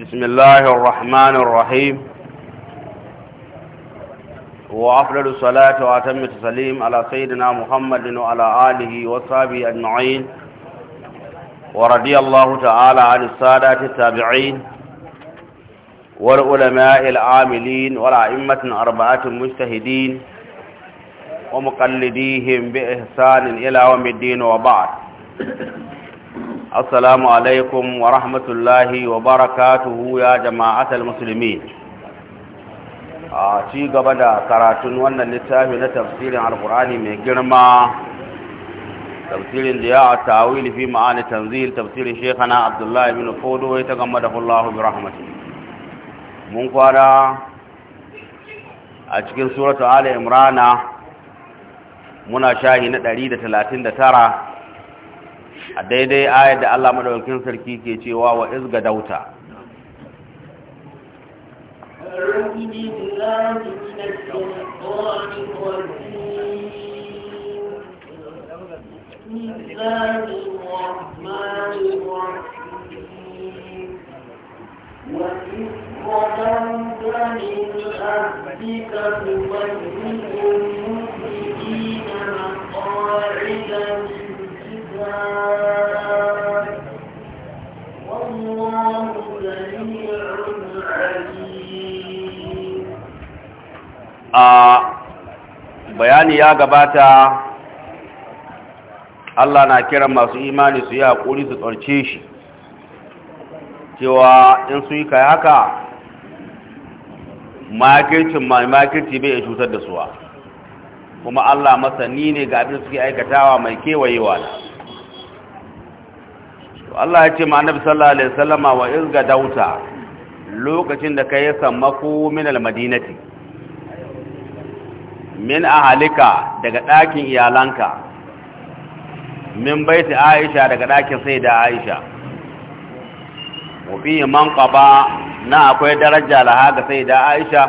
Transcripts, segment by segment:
بسم الله الرحمن الرحيم وأفضل الصلاة وأتم التسليم على سيدنا محمد وعلى آله وصحبه أجمعين ورضي الله تعالى عن السادة التابعين والعلماء العاملين والأئمة أربعة المجتهدين ومقلديهم بإحسان إلى يوم الدين وبعد Assalamu alaikum عليكم rahmatullahi wa وبركاته يا musulmi a ci gaba da karatun wannan littafi na tafsirin alkur'ani mai girma tafsirin da ya a tawil fi ma'ani tanzil tafsirin shekana abdullahi bin fodo ya ta gama da hullahu bi rahmatu mun kwana a cikin suratu ala imrana muna shahi na 139 a daidai ayar da Allah madaukakin sarki ke cewa wa izga dauta وإذ قدمت من أهلك تبين المسلمين مقاعد a bayani ya gabata Allah na kiran masu imani su yi haƙuri su tsarce shi cewa in su yi kai haka makircin mai makirci bai cutar da suwa kuma Allah masanni ne ga abin suke aikatawa mai kewayewa na Allah ya ce ma annabi sallallahu alaihi wasallama wa izga dauta lokacin da kai sammaku min almadinati min ahalika daga ɗakin iyalanka min baiti Aisha daga ɗakin sai da Aisha wafi manqaba na akwai daraja laha ga sai da Aisha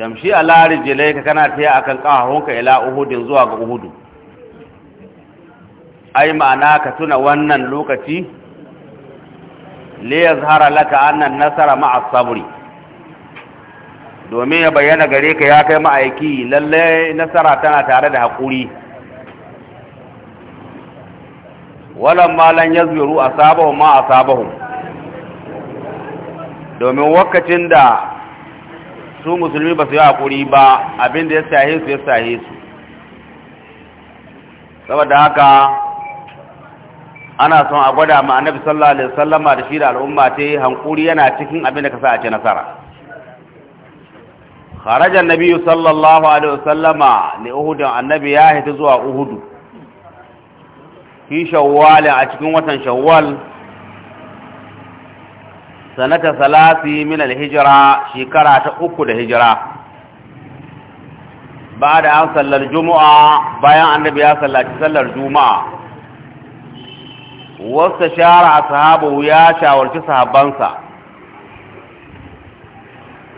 tamshi ala rijlaika kana taya akan kahonka ila uhudin zuwa ga uhudu ai ma'ana ka tuna wannan lokaci liya zahara laka annan nasara ma'a sabri domin ya bayyana gare ka ya kai ma'aiki lalle nasara tana tare da haƙuri walan malan a asabahum ma asabahum domin wakacin da su musulmi ba su yi haƙuri ba abinda ya sahi su ya saye su saboda haka ana son a gwada ma annabi sallallahu alaihi wasallama da shi da al'umma ta yi hankuri yana cikin abin da ka sa a ce nasara kharaja annabi sallallahu alaihi wasallama li uhud annabi ya hita zuwa uhud fi shawwal a cikin watan shawwal sanata salasi min al-hijra shekara ta uku da hijira ba da an sallar juma'a bayan annabi ya sallaci sallar juma'a wasta shara a sahabu ya shawarci sahabansa.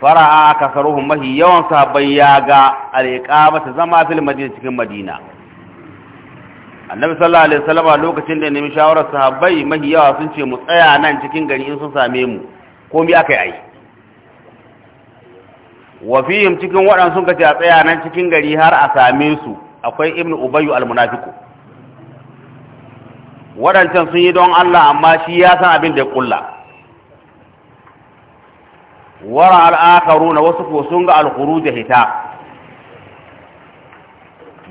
fara'a a kasaruhun mahi yawan sahabai ya ga alƙama ta zama fil madina cikin madina annabi sallallahu alaihi wasallam lokacin da nemi shawarar sahabbai mahi yawa sun ce mu tsaya nan cikin gari in sun same mu ko mi aka yi wa fihim cikin waɗansu kace a tsaya nan cikin gari har a same su akwai ibnu ubayyu al-munafiqu waɗancan sun yi don Allah amma shi ya san abin da ya kulla wara al'akaru na wasu ko sun ga alkuru da hita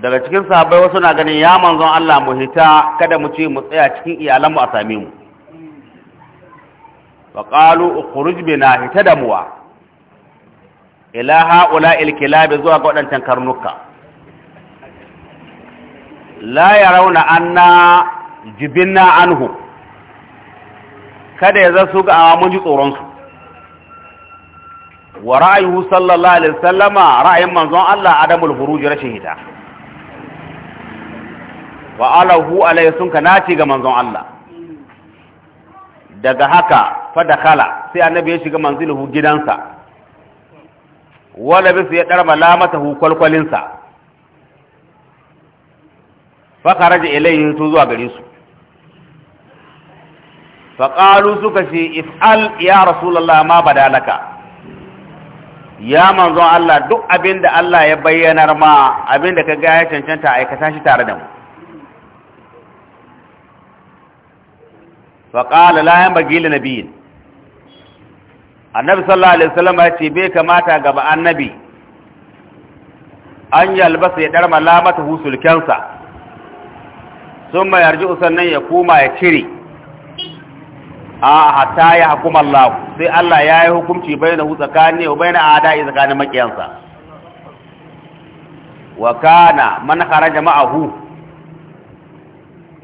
daga cikin sabai wasu na ganin ya manzon Allah mu hita kada mu ce mu tsaya cikin iyalanmu a same mu faƙalu ukuruj bina hita da muwa ila ha'ula ilkilabi zuwa ga waɗancan karnuka la ya rauna anna jibinna anhu kada ya su ga mun ji tsoronsu wa ra'ayuhu sallallahu alaihi wasallama ra'ayin manzon Allah adamul furuj rashin hita wa alahu alaihi sun kanati ga manzon Allah daga haka fa dakala sai annabi ya shiga hu gidansa wala bisu ya lamata hu kwalkwalinsa fa kharaja ilayhi zuwa gare su faƙalu suka ce if'al ya rasulallah ma badalaka ya manzon Allah duk abin da Allah ya bayyana ma abin da ka gaya ya cancanta aikata shi tare da mu faƙala layan bagili na biyin annabi sallallahu alaihi wasallam ya ce bai kamata gaba annabi an albasa ya ɗarma lamata husulkensa sun mai yarji sannan ya koma ya cire a hatta ya hukuma Allah sai Allah ya yi hukumci bai na tsakani wa bai na adai tsakanin makiyansa wa kana man kharaja ma'ahu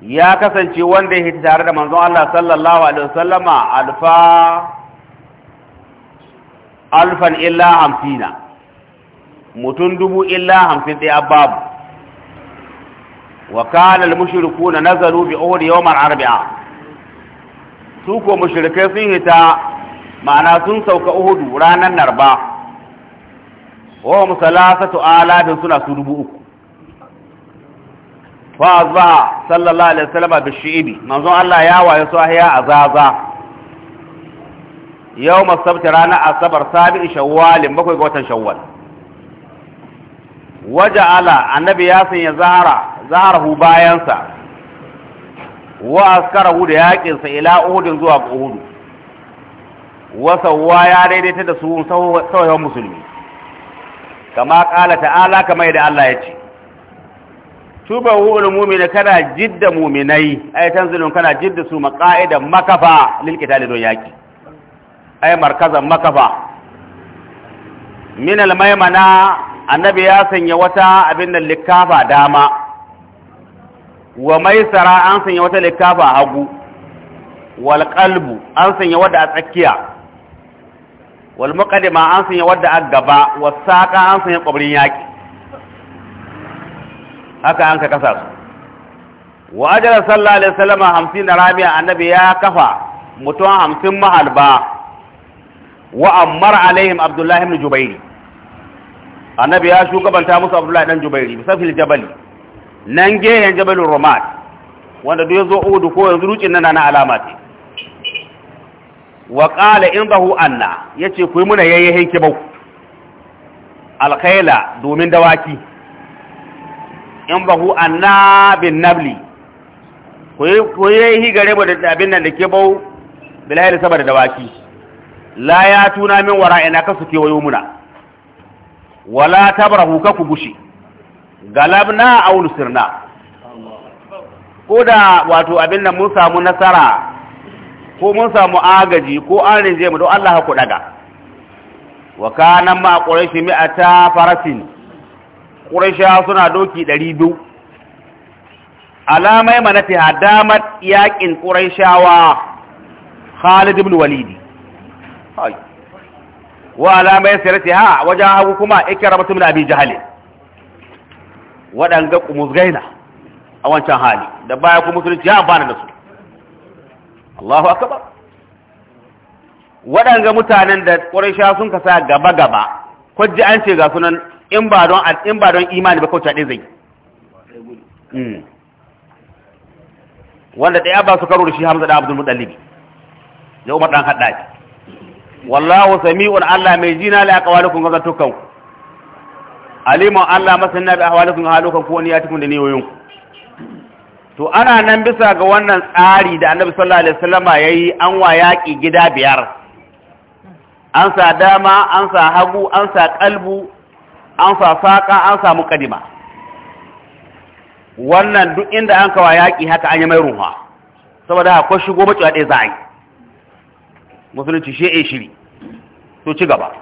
ya kasance wanda ya hita tare da manzon Allah sallallahu alaihi wasallama alfa alfan illa hamsina mutum dubu illa hamsin ɗaya ababu. wa kana al-mushrikuna nazalu bi uhud yawm al-arba'a su ko mushrikai sun hita ma'ana sun sauka uhudu ranar narba wa hum salasatu aladin suna su dubu uku fa za sallallahu alaihi wasallam bi shi'ibi manzo Allah ya waye su ahya azaza Yau as-sabt rana asabar sabi'i shawwal bakwai ga watan shawwal waja'ala annabi ya sanya zahara zaharahu bayansa wa askarahu da yaƙinsa ila uhudin zuwa ga uhudu wa sawwa ya daidaita da su sauyawan musulmi kama kala ta'ala kamar yadda Allah ya ce tuba ul mu'mina kana jidda mu'minai ay tanzilun kana jidda su maqaida makafa lil qitali don yaki ay markazan makafa min al maymana annabi ya sanya wata abin nan likafa dama wa maisara an sanya wata likafa a hagu wal qalbu an sanya wadda a tsakiya wal muqaddima an sanya wadda a gaba was saqa an sanya kwabrin yaki haka an ka kasa su wa ajara sallallahu alaihi wasallam 50 da rabi'a annabi ya kafa mutum hamsin mahalba wa ammar alaihim abdullahi ibn jubairi annabi ya shugabanta musu abdullahi dan jubairi bisafil jabali nan gehen jabalin romat wanda duk ya zo udu ko yanzu rucin nan na alama ce wa qala in bahu anna yace ku yi muna yayyahin kibau Alkaila domin dawaki in bahu anna bin nabli ku yi gare mu da abin nan da bau bilahil sabar dawaki la ya tuna min wara'ina kasu kewayo muna wala tabrahu ka ku bushe galabna aw sirna ko da wato abin da mun samu nasara ko mun samu agaji ko an rinje mu don Allah ku daga wa kana ma quraishi mi'ata farasin quraisha suna doki 200 alamai manati hadamat yakin quraishawa Khalid ibn Walid wa alamai sirati ha wajahu kuma ikramatu min abi jahalin waɗanga kumuzgaina a wancan hali da baya ku musulunci ya bani da su Allahu akbar waɗanga mutanen da ƙuraysha sun sa gaba gaba ko ji an ce ga sunan in ba don in ba don imani ba kauce ɗaya zai hmm. wanda ɗaya ba su karo da shi Hamza da Abdul Muttalib da Umar dan shi wallahu sami'un Allah mai jina la aqwalukum gaza zatukum alimu Allah masanin bi ahwalikum halukum ko tukun da niyoyin to ana nan bisa ga wannan tsari da Annabi sallallahu alaihi wasallama yayi an wa yaki gida biyar an sa dama an sa hagu an sa kalbu an sa saka an sa muqaddima wannan duk inda an kawa yaki haka an yi mai ruwa saboda akwai shigo bacewa ɗaya za musulunci shi shiri to ci gaba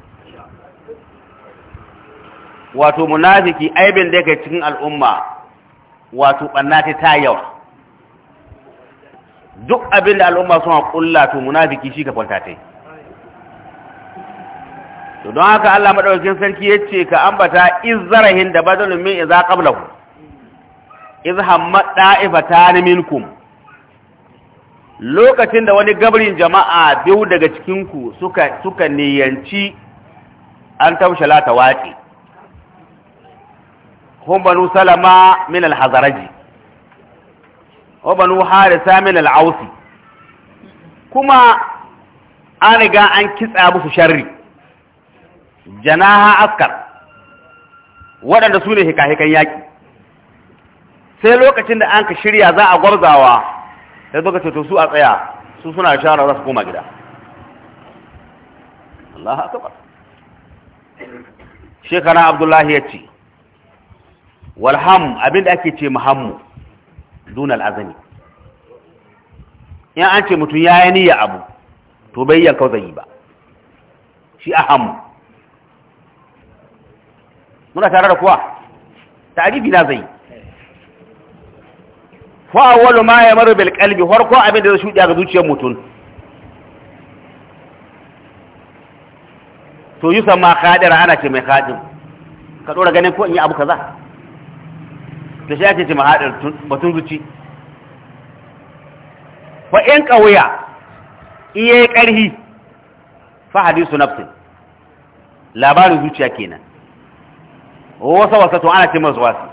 wato munafiki aibin da yake cikin al'umma wato ɓannati ta yawa duk abin da al'umma suna kulla to munafiki shi ka kwanta ta to don haka Allah madaukakin sarki ya ce ka ambata iz da badalun min iza qablahu iz hamma da'ifatan minkum lokacin da wani gabrin jama'a biyu daga cikinku suka suka niyanci an taushe lata هم بنو سلمة من الحزرجي وبنو حارثة من العوسي كما أنا جاء أن كس أبو شري جناها أسكر waɗanda su ne hikahikan yaƙi sai lokacin da an ka shirya za a gwarzawa sai suka ce to su a tsaya su suna da shawara za gida Shekarar abdullahi ya ce walham abinda ake ce muhammu dunal azami in an ce mutum ya yi niyya abu to bai yanka zai ba shi a hammu muna tare da kuwa ta'arifi na zai fa awwalu ma yamaru bil qalbi farko abin da zai shudi ga zuciyar mutum to yi sama qadira ana ce mai haɗin, ka ɗora ganin ko in yi abu kaza da shi ake ce mahaɗar batun zuci fa in ƙawuya iya ƙarhi fa hadisu nafsin labarin zuciya kenan wasa wasa to ana ce masu wasu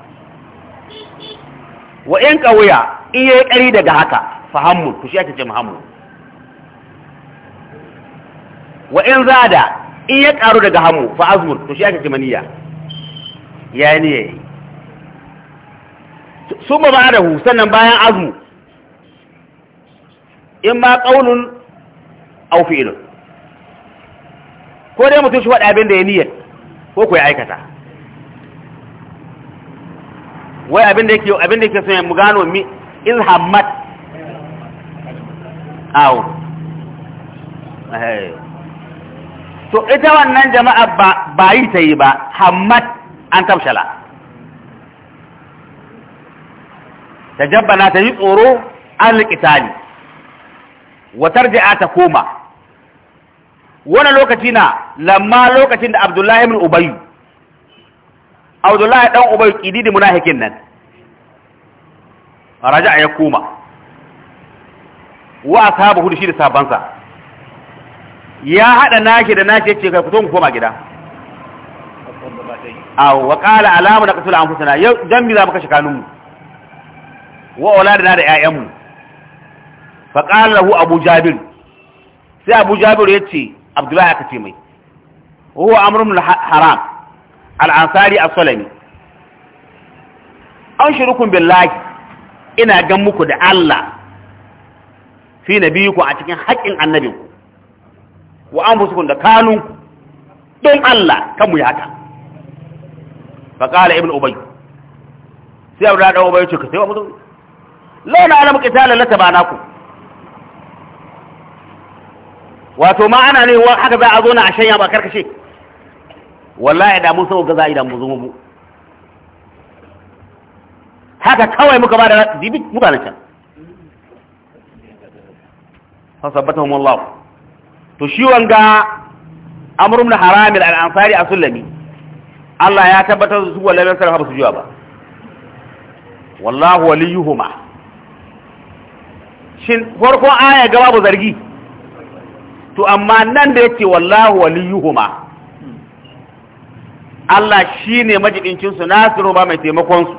wa in ƙawuya iya ƙari daga haka fahammu to shi ake ce muhammu wa in zada iya ƙaru daga hamu fa azmur to shi ake ce maniya ya ne ya yi su ma ba sannan bayan azmu in ma ƙaunin au fi'ilun ko dai mutum shi faɗa abin da ya niyyar ko ku ya aikata wai abin da yake abin da yake son mu gano mi in hammat awo to ita wannan jama'a ba yi ta yi ba hammat an tamshala tajabbala ta yi tsoro an liƙitali watar ja'a ta koma wani lokaci na lamma lokacin da abdullahi min ubayu abdullahi dan ubayu ƙididi munahikin nan raja ya koma wa ashabu hudu shi da sabansa ya haɗa nashi da nashi yace kai ku mu koma gida aw wa qala alamu naqtul anfusana yau dan bi za mu kashe kanunmu wa auladina da ƴaƴanmu fa qala lahu abu jabir sai abu jabir yace abdullahi aka ce mai huwa amrun haram al-ansari as-sulami an shirukum billahi ina gan muku da Allah fi nabiyiku a cikin haƙƙin annabinku wa anfusukum da kanunku don Allah kan mu yi haka fa qala ibn ubay sai abu da ubay ce ka sai wa mutum launa alam qitala la tabanaku wato ma ana ne wa haka za a zo na a shanya ba karkashe wallahi da mun so ga za yi mu zo mu haka kawai muka ba da dibi mutanen can sabbata sabbatahum Allah to shi wanga amr ibn haram al-ansari as-sulami Allah ya tabbatar da su wallahi sarfa ba su jiwa ba wallahu waliyuhuma shin farkon aya ga babu zargi to amma nan da yake wallahu waliyuhuma Allah shine majidincin su nasiru ba mai taimakon su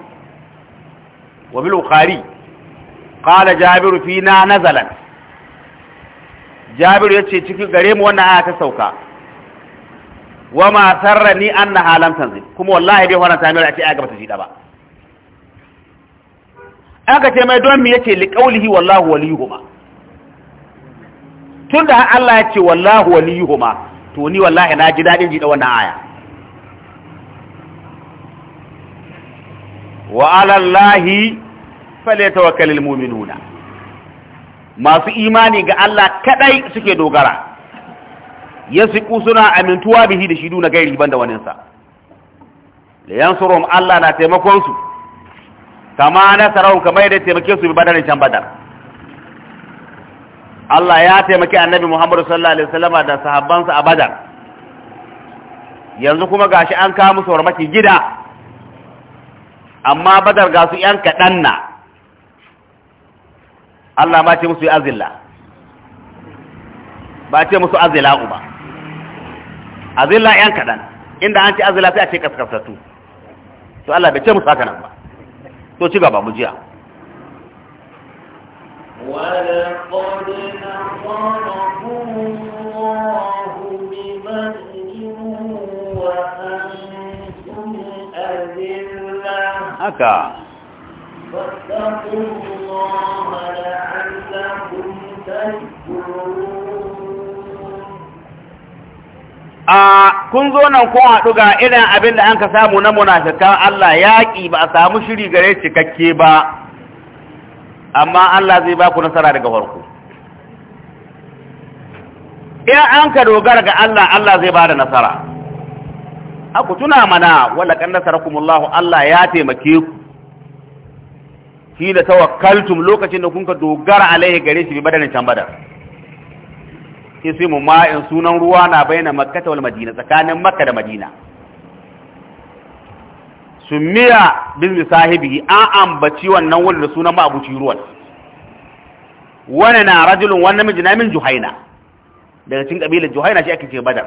wa bil bukhari qala jabir fina nazalat jabir yace cikin gare mu wannan aya ta sauka wa ma sarrani annaha lam tanzil kuma wallahi bai faranta mai a ce aya ga bata jida ba aka ce mai don me yake liƙaulihi wallahu waliyuhuma tunda Allah ya ce wallahu waliyuhuma to ni wallahi na ji dadin ji da wannan aya wa ala llahi falyatawakkalul mu'minuna masu imani ga Allah kadai suke dogara yasiku suna amintuwa bihi da shi duna gairi banda waninsa liyansurum Allah na taimakon su kama nasarahu kamar yadda taimake su bi badarin can badar Allah ya taimaki annabi Muhammadu sallallahu alaihi wasallam da sahabbansa a badar yanzu kuma gashi an kawo musu warmaki gida amma badar ga su yan kaɗan na Allah ba ce musu yi azilla ba ce musu azila ba azilla yan kaɗan inda an ce azila sai a ce kaskasattu to Allah bai ce musu haka nan ba tó ti gbàgbà mu jìyà. aka. Wàtàkùn wọn àlàyé àgbà kò ní ká ìgbòho. a kun zo nan kun haɗu ga irin abin da an ka samu na munafikan Allah yaƙi ba a samu shiri gare cikakke ba amma Allah zai ba ku nasara daga farko in an ka dogara ga Allah Allah zai ba da nasara aku tuna mana wala kan nasarakumullahu Allah ya taimake ku shi da tawakkaltum lokacin da kun ka dogara alaihi gare shi bi badanin can badar ismu ma'in sunan ruwa na bayyana makka wal madina tsakanin makka da madina sumiya bismi sahibi an ambaci wannan wanda sunan ma'abuci ruwan wani na rajulun wannan namiji na min juhaina daga cikin kabilar juhaina shi ake ce badar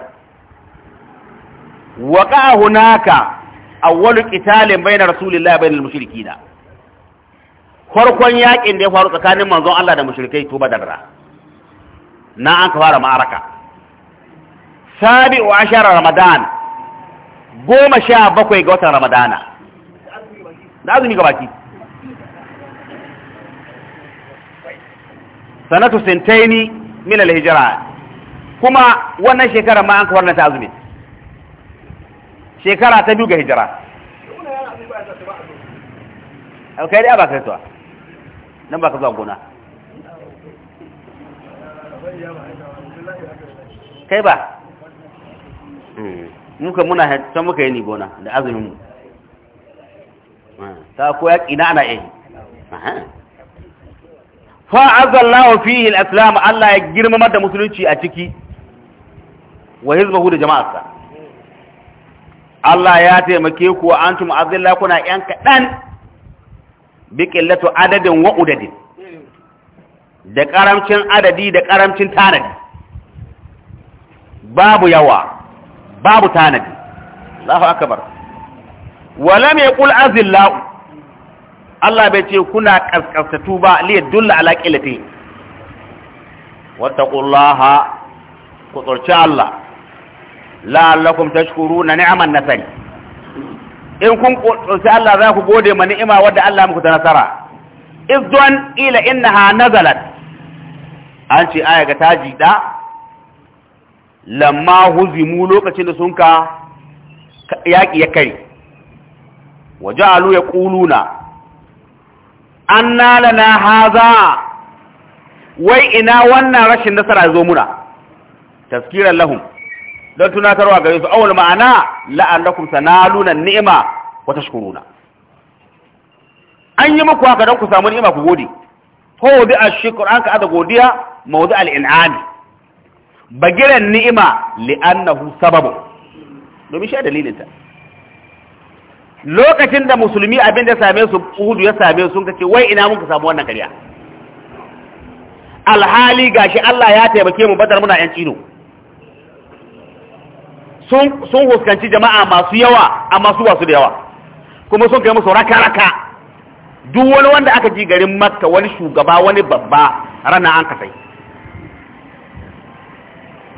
waqa hunaka awwalu qitalin bayna rasulillahi bayna al-mushrikeena farkon yakin da ya faru tsakanin manzon Allah da mushrikai to badar na an ka fara ma'araka sabi'u ashara ramadan goma sha bakwai ga watan ramadana da azumi ga baki sanatu sintaini min al kuma wannan shekara ma an ka fara ta azumi shekara ta biyu ga hijira kai dai ba kai to nan ba ka zuwa gona kai ba hmm. muka muna can muka yi ni gona da azumin mu ta ko yaƙi na ana yi fa'azallahu fihi al-islam Allah ya girmama da musulunci a ciki wa hizbahu da jama'arsa Allah ya taimake ku an antum azilla kuna yan kadan bi qillatu adadin wa udadin da karamcin adadi da karamcin tanadi babu yawa babu tanadi Allahu akbar lam yaqul azillahu Allah bai ce kuna kaskastatu ba li yadulla ala qillati wattaqullaha ku tsorci Allah la'allakum tashkuruna ni'man nasal in kun tsorci Allah za ku gode ma ni'ima wadda Allah muku ta nasara idwan ila innaha nazalat an ce aya ga taji da lamma huzimu lokacin da sun ka yaƙi ya kare ya ƙuluna an nana na haza wai ina wannan rashin nasara zo muna taskiran lahum don tunatarwa gare su awal ma'ana na lunan ni'ima wata shukuruna an yi muku haka don ku samu ni'ima ku gode ko bi shekaru an ka ada godiya mawdu al ba bagiran ni'ima li'annahu sababu domin sha dalilin lokacin da musulmi abin da same su uhudu ya same su kace wai ina mun ka samu wannan kariya alhali gashi Allah ya taimake mu badar muna yan cino sun sun huskanci jama'a masu yawa amma su ba da yawa kuma sun kai musu raka raka duk wani wanda aka ji garin makka wani shugaba wani babba rana an kasai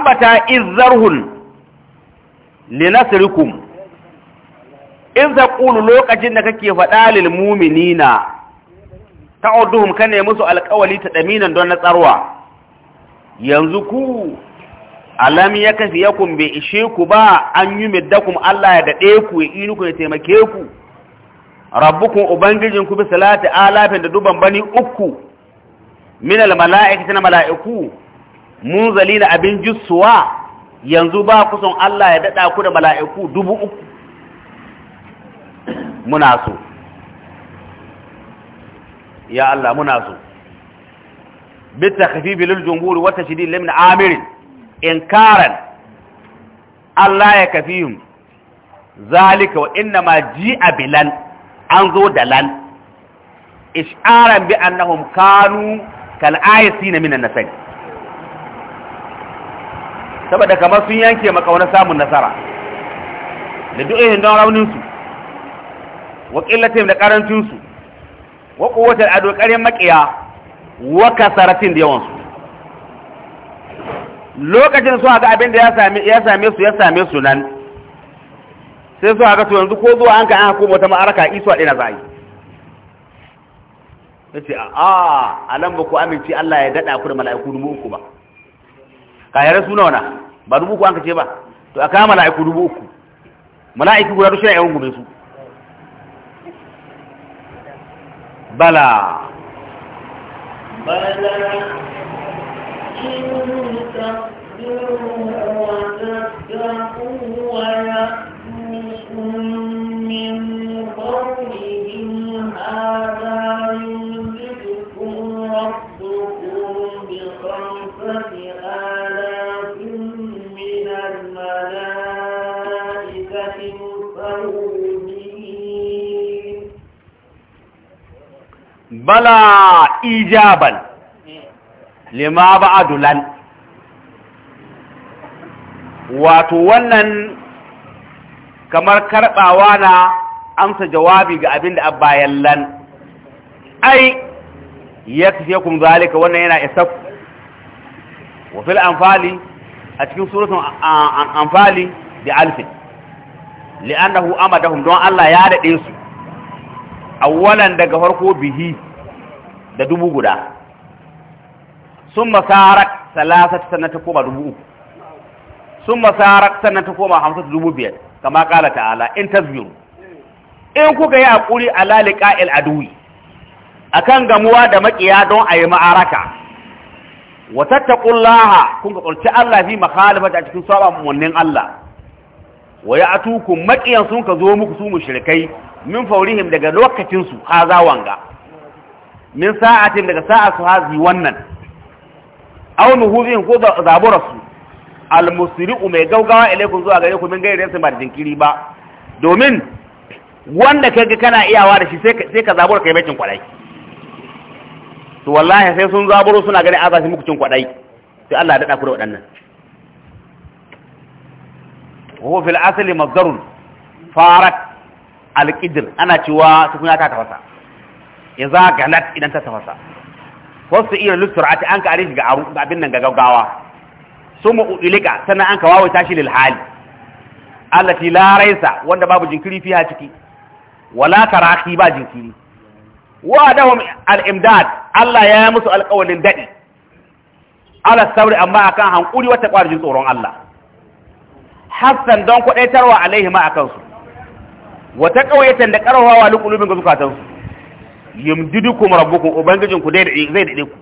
ambata izzarhun linasrikum in taqulu lokacin da kake faɗa lil mu'minina ta'uduhum kana musu alqawli ta daminan don na yanzu ku alam ya yakum bi bai ba an yi middakum Allah ya daɗe ku ya inu ku ya taimake ku rabbukum ubangijin ku bi salati alafin da duban bani uku minal al mala'ikati na mala'iku munzali na abin jussuwa yanzu ba kusan Allah ya daɗa ku da mala'iku dubu uku muna so ya Allah muna so bita kafi bilil jumhur wata shidi limin amirin karan Allah ya kafi zalika wa inna ma ji a bilan an zo da lan isharan bi annahum kanu kal'ayasi na minan nasari saboda kamar sun yanke maka wani samun nasara da du'ihin don rauninsu wa ƙillatin da ƙarancinsu wa ƙuwatar a dokarin maƙiya wa kasaratin da yawansu lokacin su haka abin da ya same su ya same su nan sai su haka su yanzu ko zuwa an ka an hako wata ma'araka isu a ɗina za a ya ce a alam ba ku amince Allah ya daɗa ku da mala'iku dubu uku ba kayaran su nawa ba dubu uku an ka ce ba to a kama mala'iku dubu uku mala'iku guda duk shi na gube su bala bala in تَصْبِرُوا وَتَتَّقُوا وَيَأْتُوكُم مِّن bala ijaban lima ba'adulan wato wannan kamar karbawa na amsa jawabi ga abin da bayan lan ai yakfiyakum zalika wannan yana isaf wa fil a cikin suratun anfali da alfin li'annahu amadahum don Allah ya dade su awwalan daga farko bihi da dubu guda sun masarar salasar sannan ta koma dubu uku sun masarar sannan ta koma hamsin dubu biyar kama kala ta'ala in tasbiru in kuka yi haƙuri lalika liqa'il A kan gamuwa da makiya don a yi ma'araka wa ƙullaha kun ka ƙulci Allah fi makhalifati a cikin saba munnin Allah wa ya'tukum makiyan sun ka zo muku su mushrikai min faurihim daga lokacinsu? su za wanga min sa'atin daga sa'a su hazi wannan aw nuhuzin ko zabura su al musri'u mai gaugawa ilaikum zuwa gare ku min gairin sai ba da jinkiri ba domin wanda kaga kana iyawa da shi sai sai ka zabura kai bakin kwadai to wallahi sai sun zaburo suna ganin azashi muku cin kwadai sai Allah ya dada ku da waɗannan wa fil asli mazdarun farak al ana cewa tukuna ta tafasa a galat idan ta tafasa wasu iya lusurati an ka arifi ga abin nan ga gaggawa suma ilika sannan an ka ta shi lil hali allati la raisa wanda babu jinkiri fiha ciki wala taraki ba jinkiri wa dahum al-imdad Allah ya yi musu alƙawalin dadi ala sabri amma akan hankuri wata kwarjin tsoron Allah hassan don kwadaitarwa alaihima akan su wata kauyatan da karwawa lukulubin ga zukatansu yumdidukum rabbukum ubangijin ku dai zai dade ku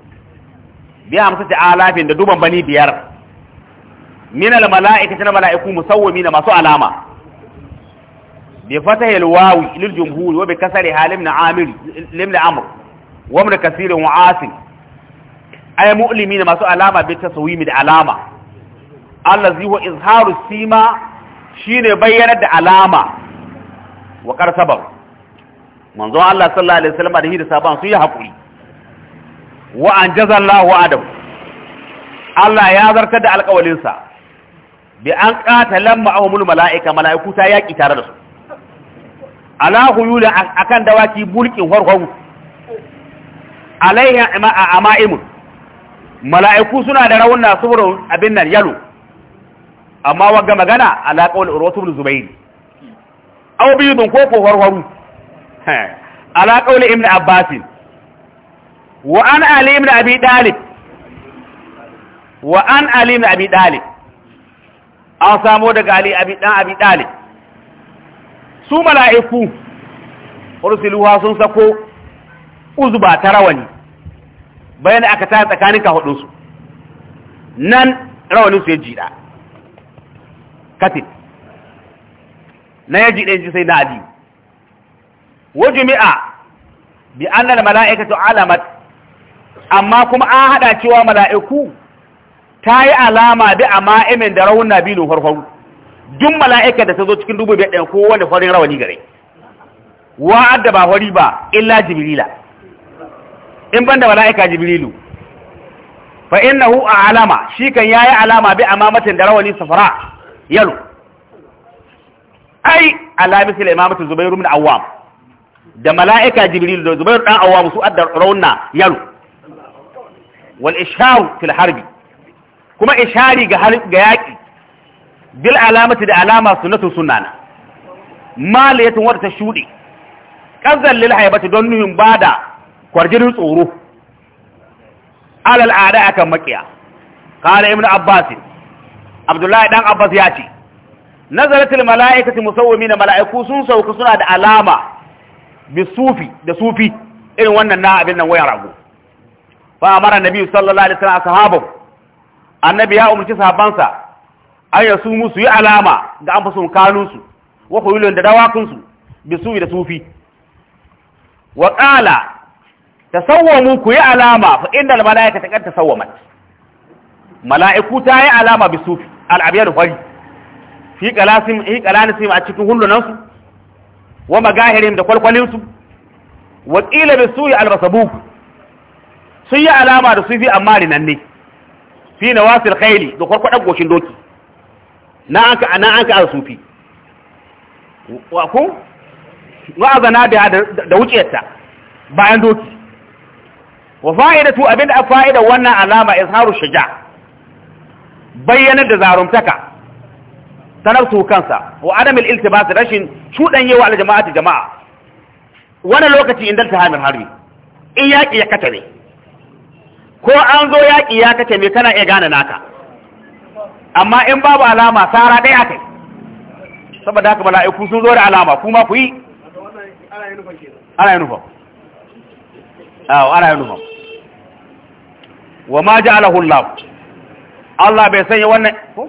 bi amsa ta alafin da duban bani biyar min al malaikati na malaiku musawwimin masu alama bi fatahi al wawi lil jumhur wa bi kasri halim na amir lim la amr wa min kaseer wa asim ay mu'limin masu alama bi taswimi da alama allazi huwa izharu sima shine bayyana da alama wa qad sabaru manzon Allah sallallahu alaihi wasallam da hidda saban su yi hakuri wa anjazallahu adam Allah ya zartar da alƙawalin sa bi an qatalan ma'ahumul mala'ika mala'iku ta yaki tare da su ala huyulin akan dawaki bulkin horhon alaiha ama'imun mala'iku suna da raunna suburun abin nan yalo amma wagga magana ala qawl urwatu ibn zubayr aw bidun ko ko horhoru Eh, ala qawli ibn abbas wa an ali ibn an samo daga ali abi dan su mala'iku ursiluha sun sako uzba ta tarawani bayan aka ta tsakanin ka hudun nan rawanin su ya jida katin na ya jida ji sai na adiyu wajumi'a bi annal mala'ikatu alamat amma kuma an hada cewa mala'iku ta yi alama bi ama'imin da rawun nabinu farfaru duk mala'ika da ta zo cikin dubu biyar ɗin ko wanda farin rawani gare wa'adda ba fari ba illa jibrila in banda mala'ika jibrilu fa innahu a alama shi kan yayi alama bi amamatin da rawani safara yalo ai alamisul imamatu zubairu min awwam da mala'ika jibril da Zubairu dan awwa su adda rauna yaro wal isharu fil harbi kuma ishari ga ga yaki bil alamati da alama sunnatu sunnana ya wata ta shude kazan lil haibati don nuhin bada kwarjinin tsoro alal ada akan makiya qala ibnu abbas abdullahi dan abbas ya ce nazaratul mala'ikatu na mala'iku sun sauka suna da alama bisufi da sufi irin wannan na abin nan waya rago fa amara nabi sallallahu alaihi wasallam ashabu annabi ya umarci sahabbansa an yasu musu yi alama ga an fasu kanun su wa kuyulun da dawakun su bisufi da sufi wa qala tasawwamu ku yi alama fa inda malaika ta kanta sawwamat mala'iku ta yi alama bisufi al-abyad fari fi qalasim hi qalanisim a cikin hullunan su wa magahirim da kwalkwalinsu wa ƙila bi suyi alrasabu sun yi alama da sufi amma nan ne fi na wasil khaili da kwarkwadan goshin doki na an ka na an ka al-sufi wa ku wa'azana da da wuciyarta bayan doki wa fa'idatu abinda a fa'ida wannan alama ya izharu shaja bayyanar da zarumtaka sanartu kansa wa adamil iltibas rashin shudan yawa al jama'ati jama'a wani lokaci indan tahamir harbi in yaki ya kace ne ko an zo yaki ya kace me kana iya gane naka amma in babu alama sara dai yi saboda haka mala'iku sun zo da alama kuma ku yi ana uniform awo ana uniform wa ma ja'alahu Allah Allah bai sanya wannan ko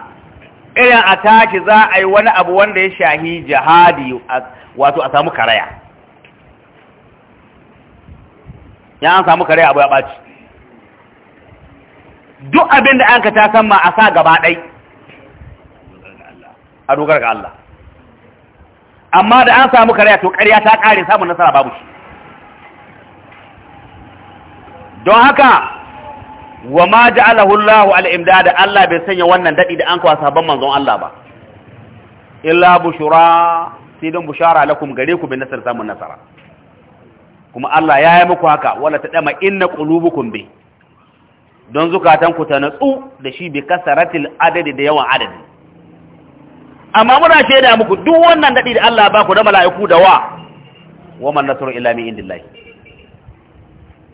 irin a tashi za a yi wani abu wanda ya shahi jihadi wato a samu karaya ya an samu karaya abu ya ɓaci duk abin da an ka ta san ma a sa gaba ɗai a dogar ga Allah amma da an samu karaya to karya ta ƙare samun nasara babu shi don haka wa ma ja'alahu Allah al-imdad Allah bai sanya wannan dadi da an kawo sabon manzon Allah ba illa bushura sai don bushara lakum gare ku bin nasar samun nasara kuma Allah ya yi muku haka wala tadama inna qulubukum bi don zukatan ku ta natsu da shi bi kasaratil adadi da yawan adadi amma muna shaida muku duk wannan dadi da Allah ba ku da mala'iku da wa wa man nasru illa min indillahi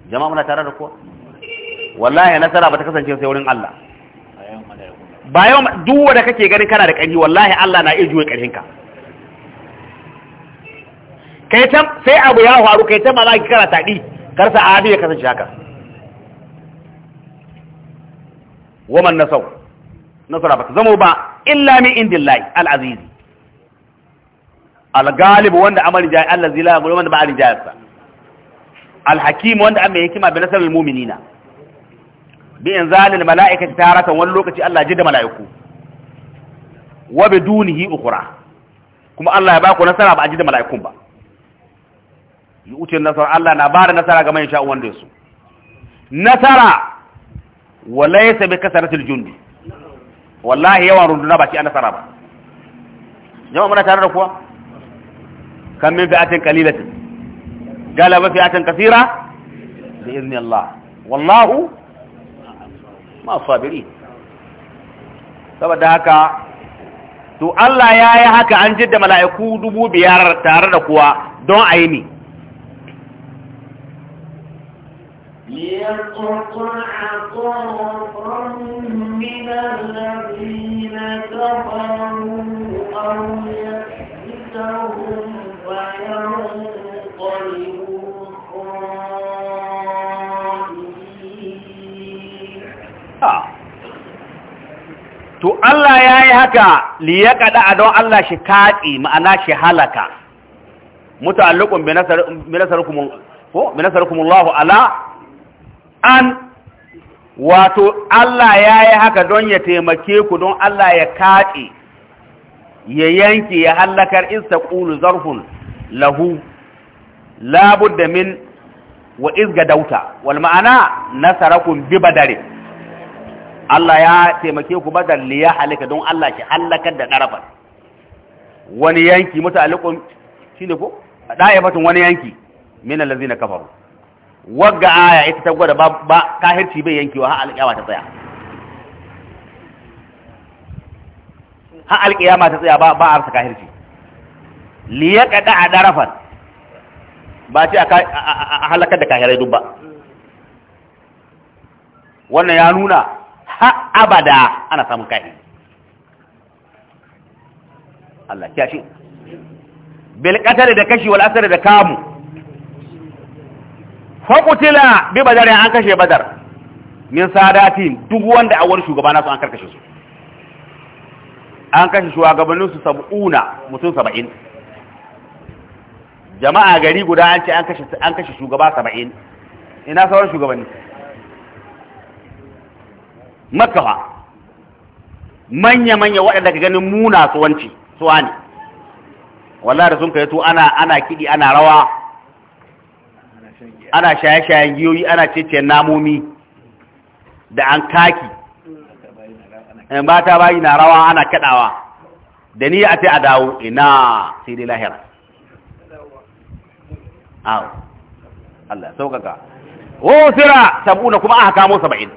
jama'a muna tare da ku wallahi nasara ba ta kasance sai wurin Allah Bayan duk wanda kake ganin kana da ƙarfi wallahi Allah na iya juye ƙarfinka kai ta sai abu ya faru kai ta malaki kana taɗi kar sa abi ya kasance haka waman nasau nasara ba ta zamo ba illa min indillahi al-aziz al-galib wanda amari jayi Allah zila wanda ba arijayarsa al-hakim wanda amma hikima bi nasarul mu'minina bi inzalil mala'ikati taratan wani lokaci Allah ji da mala'iku wa bidunihi ukhra kuma Allah ya baku nasara ba a ji da mala'ikun ba yu'ti nasara Allah na ba da nasara ga mai sha wanda su nasara wa laysa bi kasratil jundi wallahi yawan runduna ba shi a nasara ba jama'a muna tare da kuwa kan min fi'atin qalilatin galaba fi'atin kaseera bi izni Allah wallahu ma saboda haka to Allah ya yi haka an jidda mala'iku dubu biyar tare da kuwa don a yi ne ليقطع طرفا من الذين to Allah ya yi haka liya kada a don Allah shi kaɗi ma'ana shi halaka mutu mutallikun binasarkumullahu ala an wato Allah ya yi haka don ya taimake ku don Allah ya kaɗi ya yanki ya halakar isa ƙulu zarfun lahu da min wa izga dauta wal ma'ana nasarakun bi badare Allah ya taimake ku badar liya halaka don Allah ki halakar da ɗarafar wani yanki mutalikun shi ne ko batun wani yanki min allazi na kafaru wagga aya ita ta gwada ba kahirci bai yanki wa alƙiyama ta tsaya ha alƙiyama ta tsaya ba ba arsa kahirci liya kada a ɗarafar ba ce a halakar da kahirai duk ba wannan ya nuna ha abada ana samun kai Allah ya ce bil qatari da kashi wal asari da kamu fa qutila bi badar an kashe badar min sadatin duk wanda a wani shugaba na su an karkashe su an kashe shugabannin su sab'una mutum saba'in jama'a gari guda an ce an kashe shugaba saba'in ina sauran shugabanni makawa manya-manya waɗanda ka ganin muna suwanci suwa ne wallahi da sun kai to ana ana kiɗi ana rawa ana shaye-shayen giyoyi ana cece namomi da an kaki eh, ta bayi na rawa ana kaɗawa da ni a ce a dawo ina sai dai lahira Allah sauƙaƙa. Wo sira sabu na kuma aka kamo saba'in.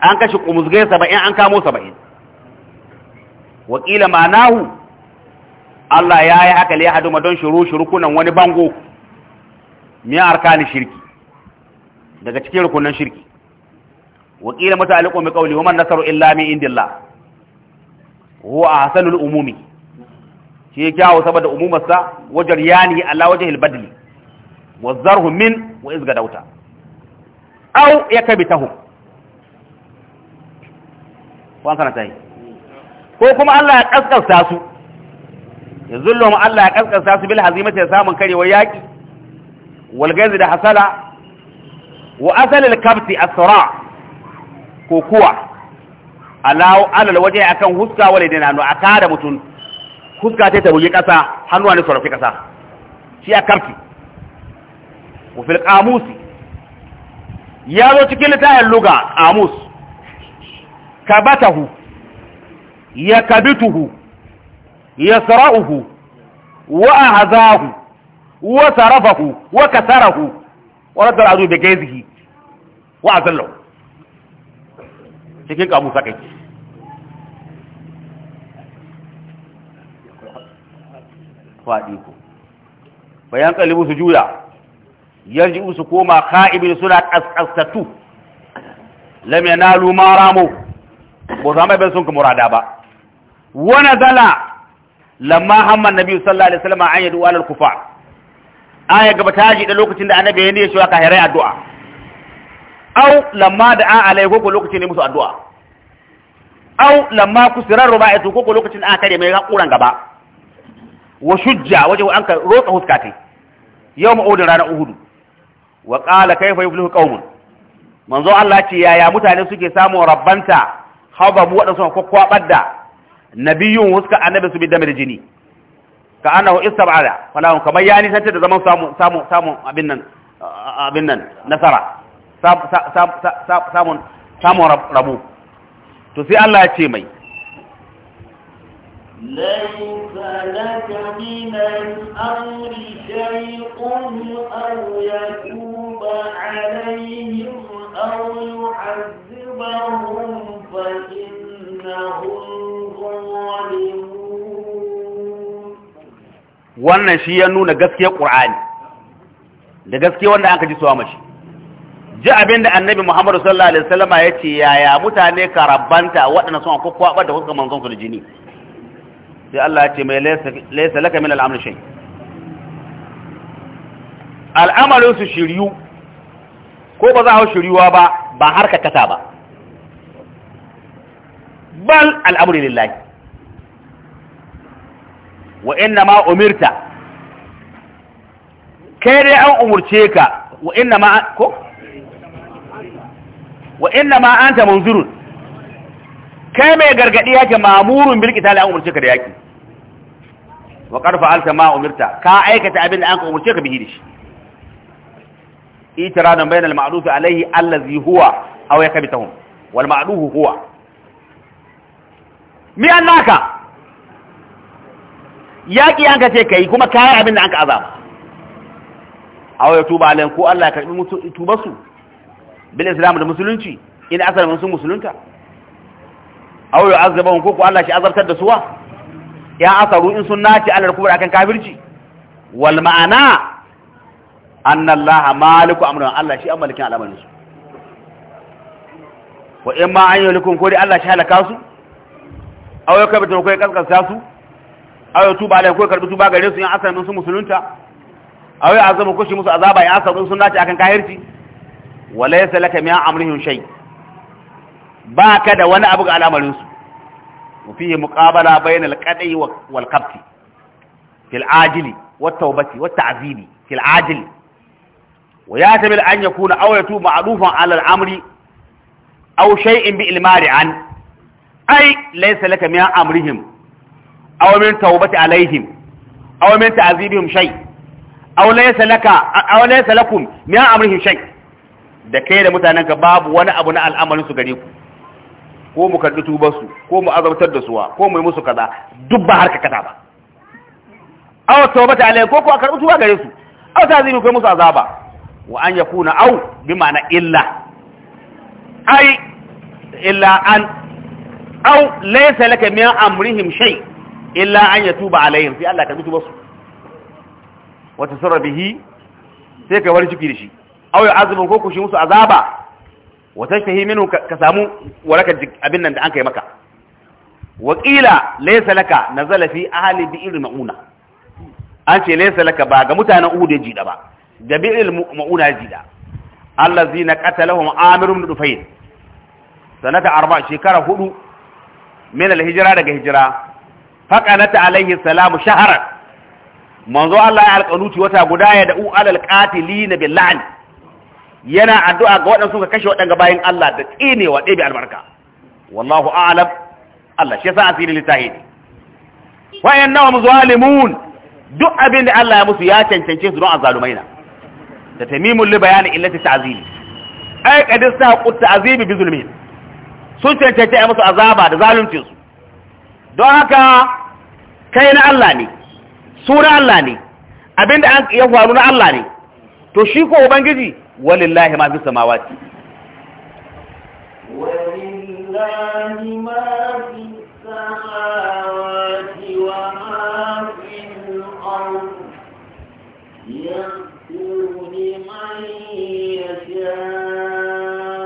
an kashe kumuzgai saba'in an kamo saba'in wakila ma'anahu Allah ya yi haka ya haduma don shuru shurukunan wani bango miya arkanin shirki daga cikin rukunan shirki wakila mutaliqu bi qawli waman nasaru illa min indillah huwa ahsanul umumi shi ya kyawo saboda umumarsa wajen yani ala wajen badli wa zarhu min wa izga dauta kabi yakabitahum ko an karanta yi ko kuma Allah ya kaskasta su ya zullo mu Allah ya kaskasta su bil hazimata ya samun karewa yaki wal gaizi da hasala wa asalil kabti asra ko kuwa alaw alal waje akan huska wala dina no aka da mutun huska ta ta buge kasa hannuwa ne sarrafi kasa shi a karfi wa fil qamusi ya zo cikin littafin luga qamus kabatahu ya kabituhu ya sara'uhu wa ahazahu wa sarafahu wa kasarahu wa radda al'adu bi gaizihi wa azallahu cikin kamu sakai bayan kalibu su juya yanzu su koma ka'ibin suna kaskastatu lam yanalu ma ramu ba za mai sun ka murada ba wani zala lamma hamman nabi sallallahu alaihi wasallam an yadu alal kufa an ya gaba taji da lokacin da annabi ya ne shi ka hira addu'a au lamma da an alai ko lokacin ne musu addu'a au lamma kusirar ruba'atu ko lokacin an kare mai hakuran gaba wa shujja waje an ka rotsa huskatai yau ma'udin ranar uhudu wa qala kayfa yuflihu qaumun manzo Allah ce yaya mutane suke samun rabbanta hababu waɗansu ma kwakwabar da nabiyun huska annabi su bi da jini ka annahu istab'ala falahum kamar ya nisanta da zaman samun abin nan abin nan nasara samun samun rabu to sai Allah ya ce mai ليس a من الأمر شيء أو يتوب عليهم أو يعذبهم wannan shi ya nuna gaskiyar ƙur'ani da gaskiyar wanda an ka ji suwa mashi ji abin da annabi muhammadu sallallahu alaihi wasallama ya ce yaya mutane karabanta waɗanda sun akwai kwaɓar da kuka manzon su da jini sai Allah ya ce mai laisa laka min al'amr shay al'amarin su shiryu ko ba za a shiryuwa ba ba harka kasa ba إقبال الأمر لله وإنما أمرت كان أو أمرتك وإنما وإنما أنت منذر كما يقرقليك مامور بالكتال أمرتك ريك وقد فعلت ما أمرت كأيك تأبين أنك أمرتك بهيرش إيتران بين المعروف عليه الذي هو أو يكبتهم والمعروف هو mi an naka yaƙi an ka ce ka yi kuma kayan abin da an ka azaba a waya tuba alayin ko Allah ya karɓi tubarsu bil islam da musulunci ina asar mun sun musulunta a waya azaba ko ko Allah shi azartar da suwa ya asaru in sun nace alal kubur akan kafirci wal ma'ana anna Allah maliku amrun Allah shi amalikin al'amarin su wa in ma an yi ko dai Allah shi halaka su aw kai kabata kai ya su aw tuba alai ko ya karbi tuba gare su min su musulunta aw ya azaba musu azaba ya asa sun nace akan kahirci walaysa laka min amrihim shay ba ka da wani abu ga al'amarin su وفيه مقابلة بين القدع والقبط في العاجل والتوبة والتعذيب في العاجل ويعتبر أن يكون أو يتوب معروفا على الأمر أو bi ilmari an. ai laysa laka min amrihim aw min tawbati alaihim aw min ta'zibihim shay aw laysa laka aw laysa lakum min amrihim shay da kai da mutanen ka babu wani abu na al'amarin su gare ku ko mu karbi tubar su ko mu azabtar da suwa ko mu yi musu kaza duk ba harka kaza ba aw tawbati alaihim ko ko a karbi tuba gare su aw ta'zibu ko musu azaba wa an yakuna aw bi na illa ai illa an aw laysa laka min amrihim shay illa an yatuba alaihim sai Allah ka tuba su wa tasarra bihi sai ka warci da shi aw ya ko ku shi musu azaba wa tashtahi minhu ka samu waraka abin nan da an kai maka wa qila laysa laka nazala fi ahli bi'r mauna an ce laysa laka ba ga mutanen uhud ya jida ba ga bi'r mauna ya jida allazina qatalahum amirun dufayn sanata arba shekara hudu min al-hijra daga hijra faqanata alaihi salamu shahran manzo Allah ya alƙanuti wata guda ya da'u alal qatilina bil la'n yana addu'a ga waɗanda suka kashe waɗanda bayan Allah da tsinewa ɗebe albarka wallahu a'lam Allah shi yasa asiri litahidi wa innahum zalimun duk abin da Allah ya musu ya cancance su zalumai azalumaina da tamimul li bayani illati ta'zili ay qad istaqut ta'zibi bi zulmin sun cancanci a musu azaba da zaluncin su don haka kai na Allah ne su na Allah ne abinda an ya faru na Allah ne to shi ko ubangiji walillahi ma fi samawati walillahi ma fi samawati wa ma fil ardh yaqulu liman yasha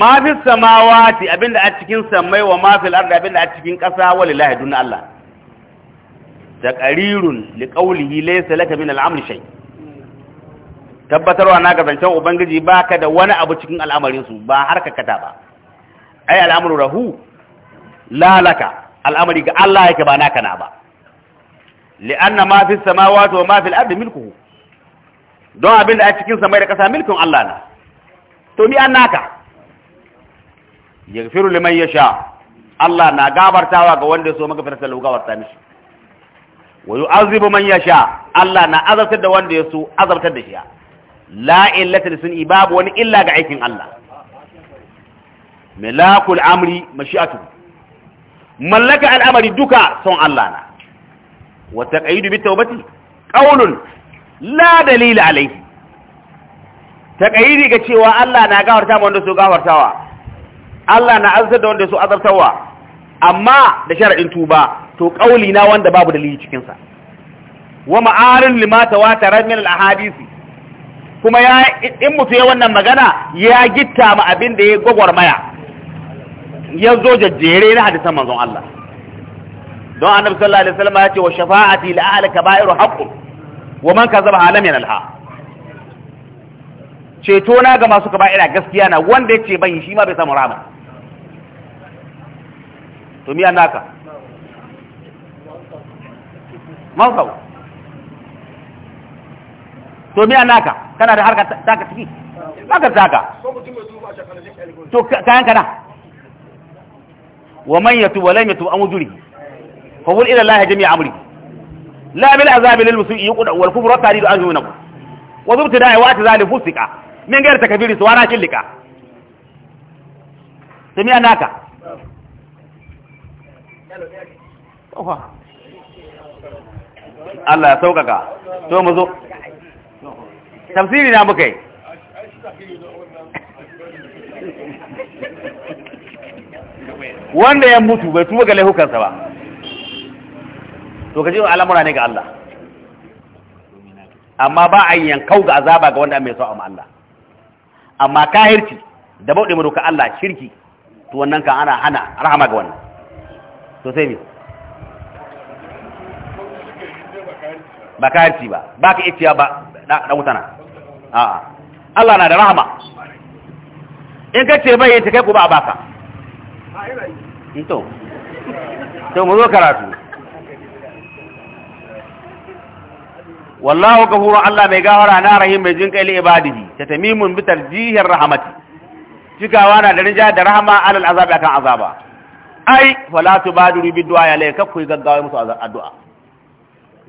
ma fi samawati abinda a cikin samai wa ma fil ardi abinda a cikin ƙasa walillahi dun Allah li liqawlihi laysa laka min al shay tabbatarwa na ga ubangiji baka da wani abu cikin al'amarin su ba har ka kata ba ai al'amru rahu la laka al'amari ga Allah yake ba naka na ba anna ma fi samawati wa ma fil ardi milkuhu don abinda a cikin samai da ƙasa milkin Allah na to mi an naka yaghfiru liman yasha Allah na gabartawa ga wanda so magafirta lahu gabarta mishi wa yu'azibu man yasha Allah na azabtar da wanda ya so azabtar da shi la illata sun babu wani illa ga aikin Allah milakul amri mashi'atu mallaka al'amari duka son Allah na wa taqayidu bit tawbati qawlun la dalila alayhi taqayidi ga cewa Allah na gawarta wanda so gawartawa Allah na azza da wanda su azartarwa amma da sharadin tuba to kauli na wanda babu dalili cikin sa wa ma'arin lima tawatara min al-ahadisi kuma ya in mutu ya wannan magana ya gitta ma abin da ya maya ya zo jajjere na hadisan manzon Allah don annabi sallallahu alaihi wasallam ya ce wa shafa'ati la ahli kaba'iru haqqun wa man kazaba alam yanalha ceto na ga masu kaba'ira gaskiya na wanda yace ban shi ma bai samu rama to miya naka mansau to miya naka kana da harka taka ciki baka taka to kayan kana wa man yatu wa lam yatu amujuri fa qul ila allahi jami'a amri la bil azabi lil musu'i yuqda wal kubra taridu anhu minkum wa zubta da'i wa ta fusika min gair takabiri suwara kilika to miya naka Allah ya saukaka to mu zo tafsiri na muka yi wanda ya mutu bai tuba ga sa ba to kaje al'amura ne ga Allah amma ba a yankau ga azaba ga wanda mai so amma Allah amma kahirci da bauɗe mu doka Allah shirki to wannan kan ana hana rahama ga wannan to sai me ba ka kayanci ba ba ka iya ba da wutana a'a Allah na da rahama in ka ce bai ta kai ku ba a baka to to mu zo karatu wallahu ghafuru Allah mai gawara na rahim mai jinkai li ibadihi ta tamimun bi tarjihir rahmati cikawa na da rinja da rahama alal azabi akan azaba ai wala tubadiru bi du'a ya lai kakku gaggawa musu addu'a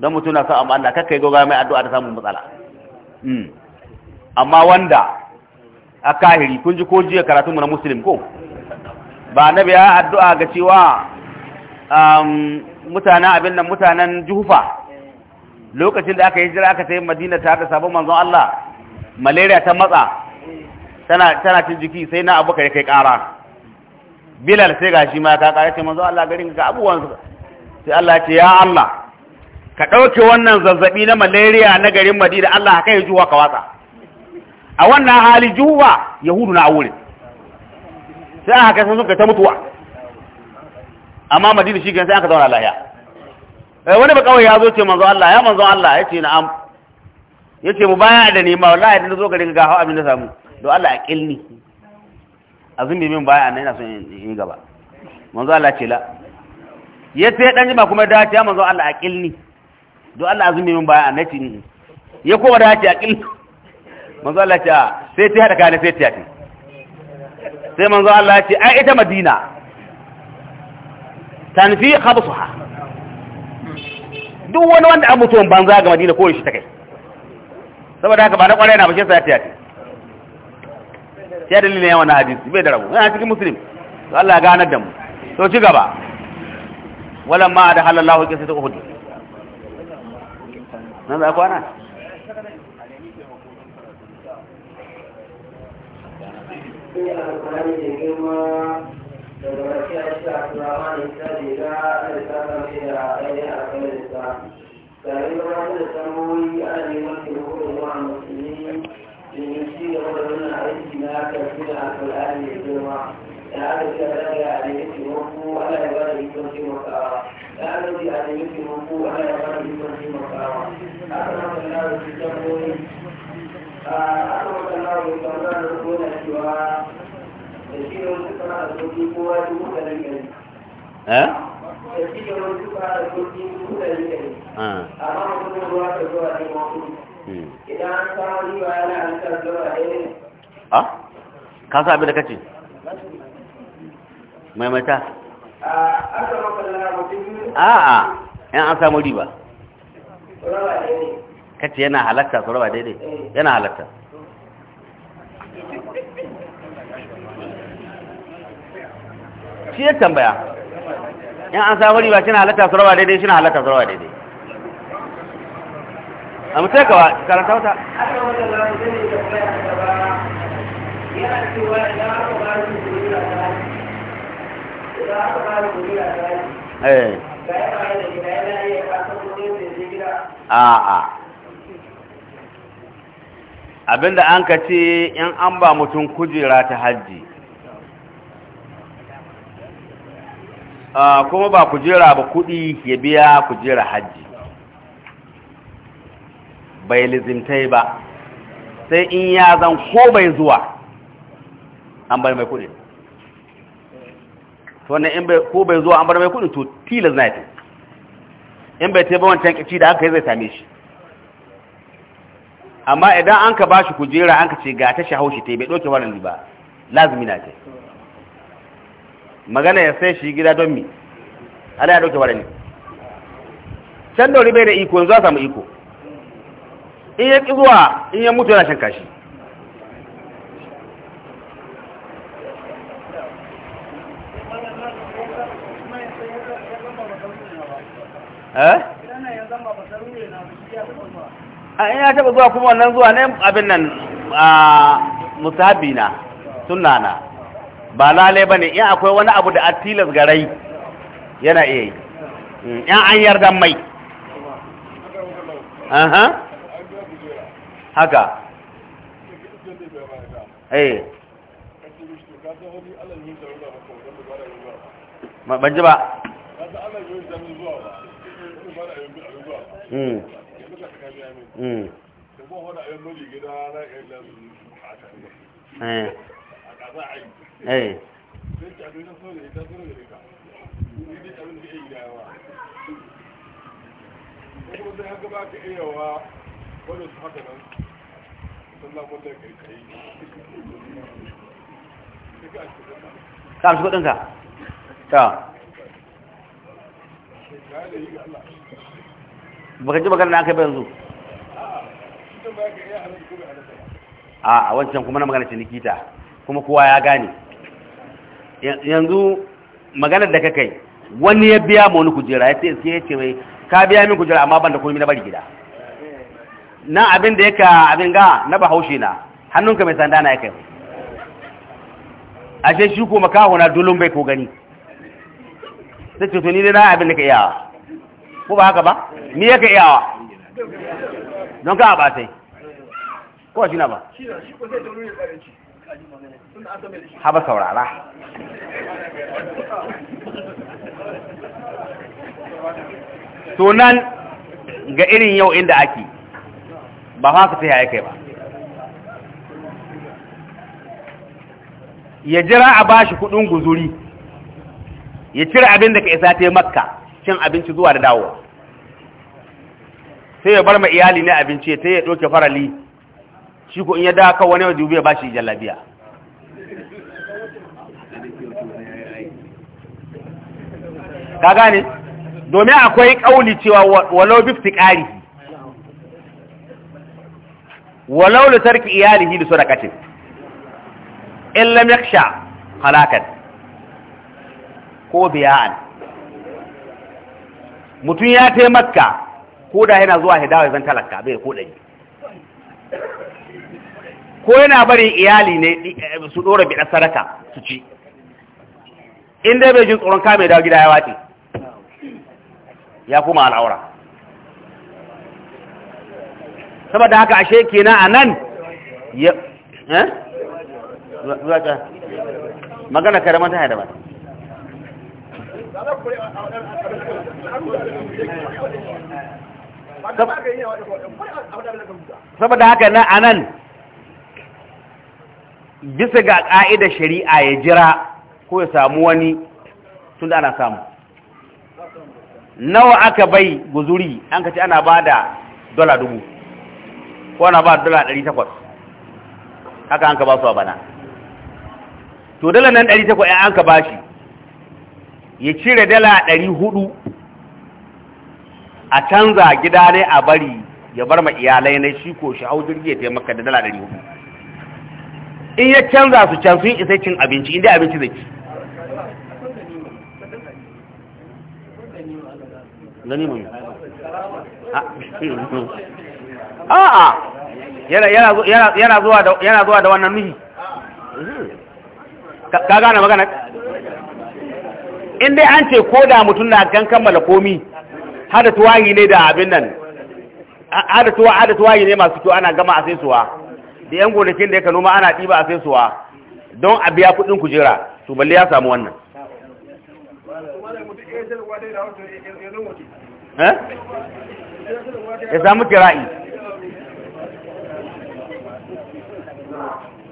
don mutum na amma Allah kakai goga mai addu'a da samun matsala hmm. amma wanda a kahiri kun ji ko jiya karatunmu na musulun ko ba na biya addu'a ga cewa um, mutanen abin nan mutanen juhufa lokacin da aka yi jira aka sayi madina tare da sabon manzon Allah malaria ta matsa tana cin jiki sai na abu kai kai kara bilal sai ga shi ma ta kara ce manzon Allah garin ga abubuwan sai Allah ce ya Allah ka ɗauke wannan zazzabi na malaria na garin madina Allah ka yi juwa ka watsa a wannan hali juwa yahudu na aure. sai aka kai suka ta mutuwa amma madina shi sai aka zauna lahiya eh, wani ba kawai ya zo ce manzo Allah ya manzo Allah ya ce am ya ce mu baya da nema wallahi da zo garin ga hawa abin da samu Do Allah ya kilni azumi min baya annai na son in gaba manzo Allah ce la ya ce dan jima kuma da ta manzo Allah ya kilni don Allah azumi min baya nati ya kowa da haka akil manzo Allah ya ah, sai ta haɗa kana sai ta yaƙi sai manzo Allah ya ce ai ita Madina tanfi khabsuha duk wani wanda an mutuwan banza ga Madina ko shi ta kai saboda haka ba na kware na ba shi sai ta ya sai dalilin yawan hadisi bai da rabu yana cikin muslim Allah ya ganar da mu to ci gaba walamma da halallahu kisa ta uhud ماذا نعم يا أخوانا فإن رجل سموي أن يمكنه إلى المسلمين ليشير من عليهما كالسلعة الآن الجمعة Eh? Hmm. Ah? da Ka abin da kace? maimata a'a yan an samu riba kace yana halatta su raba daidai eh. yana halatta shi ya tambaya yan an samu riba shi na halatta su raba daidai shi na halatta su raba daidai a mutai kawa karanta wata yana cewa idan aka ba su Eh. a'a abinda an ka ce in an ba mutum kujera ta hajji kuma ba kujera ba kuɗi ya biya kujera hajji bai lizimtai ba sai in ya zan ko bai zuwa an bai mai kuɗi. to wannan in bai ko bai zo an bar mai kudin to tilas na ta in bai taiba wancan kici da aka yi zai same shi amma idan an ka bashi kujera an ka ce ga ta shaho shi ta bai doke wannan ba lazumi na ta magana ya sai shi gida don mi Allah ya doke wannan can da bai da iko yanzu a samu iko in ya ƙi zuwa in ya mutu yana shan kashi Eh? a ina taɓa zuwa kuma wannan zuwa ne abin nan a musahabi na na ba lalai ba ne in akwai wani abu da a tilas garai yana iya yi mm, in an yarda mai haka eh. ban ji ba Mm. Mm. Eh. Eh. ka amshi kudinka ta baka ji magana aka ba yanzu a a wancan kuma na magana ce nikita kuma kowa ya gane yanzu magana da kakai kai wani ya biya ma wani kujera ya ce ya ce mai ka biya min kujera amma ban da komai na bari gida na abin da yaka abin ga na bahaushe na hannunka mai sanda na ya kai ashe shi ko makaho na dulun bai ko gani sai ce to ni dai na abin da ka iya ko ba haka ba ni yake iyawa don ka ba sai ko shi na ba ba saurara to nan ga irin yau inda ake ba haka sai ya kai ba ya jira a bashi kudin guzuri ya cire abin da ka isa ta makka cin abinci zuwa da dawo sai ya bar ma iyali ne abinci sai ya doke farali shi ko in ya dawo wani wa ya ba shi jallabiya ka gane domin akwai kauli cewa walau bifti ƙari walau da tarki su da katin, in lam yaksha halakan ko biya'an mutum ya yi makka ko da yana zuwa hidawa zan talaka bai ko dari ko yana bari iyali ne eh, su ɗora biɗa saraka su ci in dai bai jin tsoron kame dawo gida ya wace ya kuma al'aura saboda haka ashe kenan a nan ya eh magana karamata ya da mata saboda haka a nan, bisa ga ƙa'idar shari'a ya jira ko ya samu wani tun da ana samu nawa aka bai guzuri an kaci ana ba da dola dubu ko ana ba dola ɗari takwas haka an ka ba su a bana to dala nan ɗari takwas an ka ba shi ya cire dala ɗari hudu a canza gida ne a bari ya bar ma iyalai na shi ko shi hau jirgi ya taimaka da dala ɗari hudu in ya canza su can sun isa cin abinci inda abinci zai ci ah. a'a yana zuwa da wannan nuhi ka gane magana in dai an ce ko da mutum na kan kammala komi hada tuwayi ne da abin nan hada tuwa hada tuwayi ne masu kyau ana gama a sai da yan gonakin da ya noma ana ɗiba a sai suwa don a biya kuɗin kujera to balle ya samu wannan eh? ya samu kira'i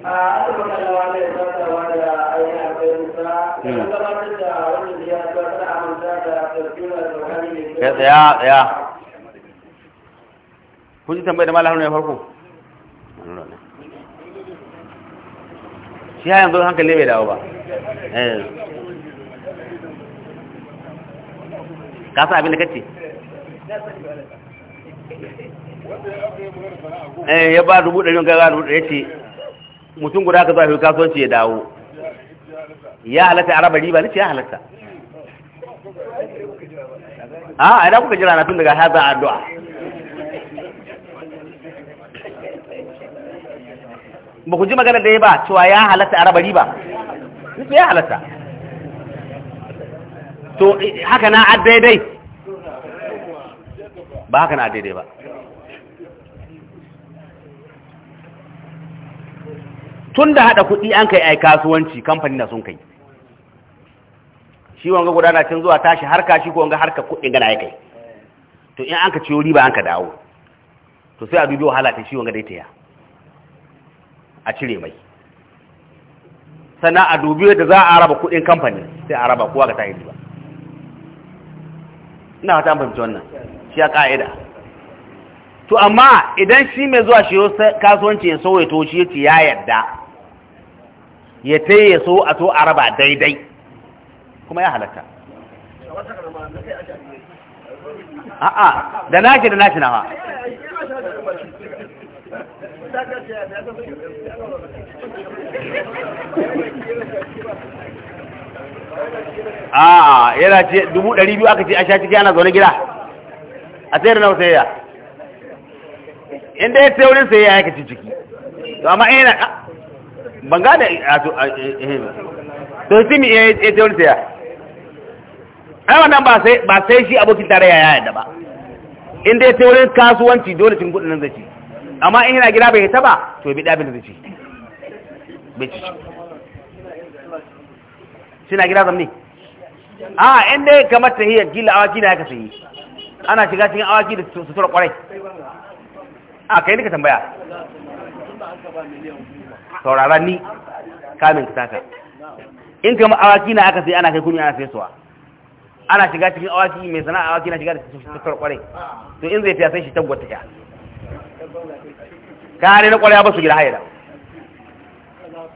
a ya hmm. gabatar da ta da da Ya ya tsaya tsaya kun ji tambayar da malam ya farko shi ya yanzu hankali bai dawo ba eh. ka san abin da kace eh, ya ba dubu ɗari ga dubu ya ce mutum guda ka zuwa kasuwanci ya dawo ya halatta araba riba nace ya halatta a ina kuka jira na tun daga haza addu'a ba ku ji magana da ya ba cewa ya halatta araba riba nace ya halatta to haka na daidai ba haka na daidai ba tun da haɗa kuɗi an kai yi kasuwanci kamfani na sun kai shi wanga gudana can zuwa tashi harka shi ko wanga harka kuɗin gana ya kai to in an ka ciyo riba an ka dawo to sai a dubi wahala ta shi wanga dai ya a cire mai sannan a dubi da za a raba kuɗin kamfani sai a raba kowa ga tayin riba ina fata an fahimci wannan shi ya ƙa'ida to amma idan shi mai zuwa shi kasuwanci ya sauye to shi yace ya yarda ya taye so a so a raba daidai kuma ya halatta a'a da nashi da nashi nawa a'a yana ce dubu ɗari biyu aka ce a sha ciki ana zaune gida a sayar nawa sayayya inda ya sayo wurin sayayya ya kaci ciki to amma ina ban gane a to eh, eh, eh. to shi mi e e wani saya ai wannan ba sai ba sai shi abokin tarayya ya yadda ba in dai ta wurin kasuwanci dole cin gudun nan zaci, amma in yana gida bai hita ba to bi dabin da zai ci bai ci shi na gida zamni a in dai kamar ta hiyar gila awaki na ya kasa yi ana shiga cikin awaki da sutura kwarai a kai ka tambaya saurara ni kamin ka taka in kama awaki na aka sai ana kai kunu ana sai suwa ana shiga cikin awaki mai sana'a awaki na shiga da tattar kwarai to in zai fiya sai shi tabbata ya kare na kwarai ba su gida haida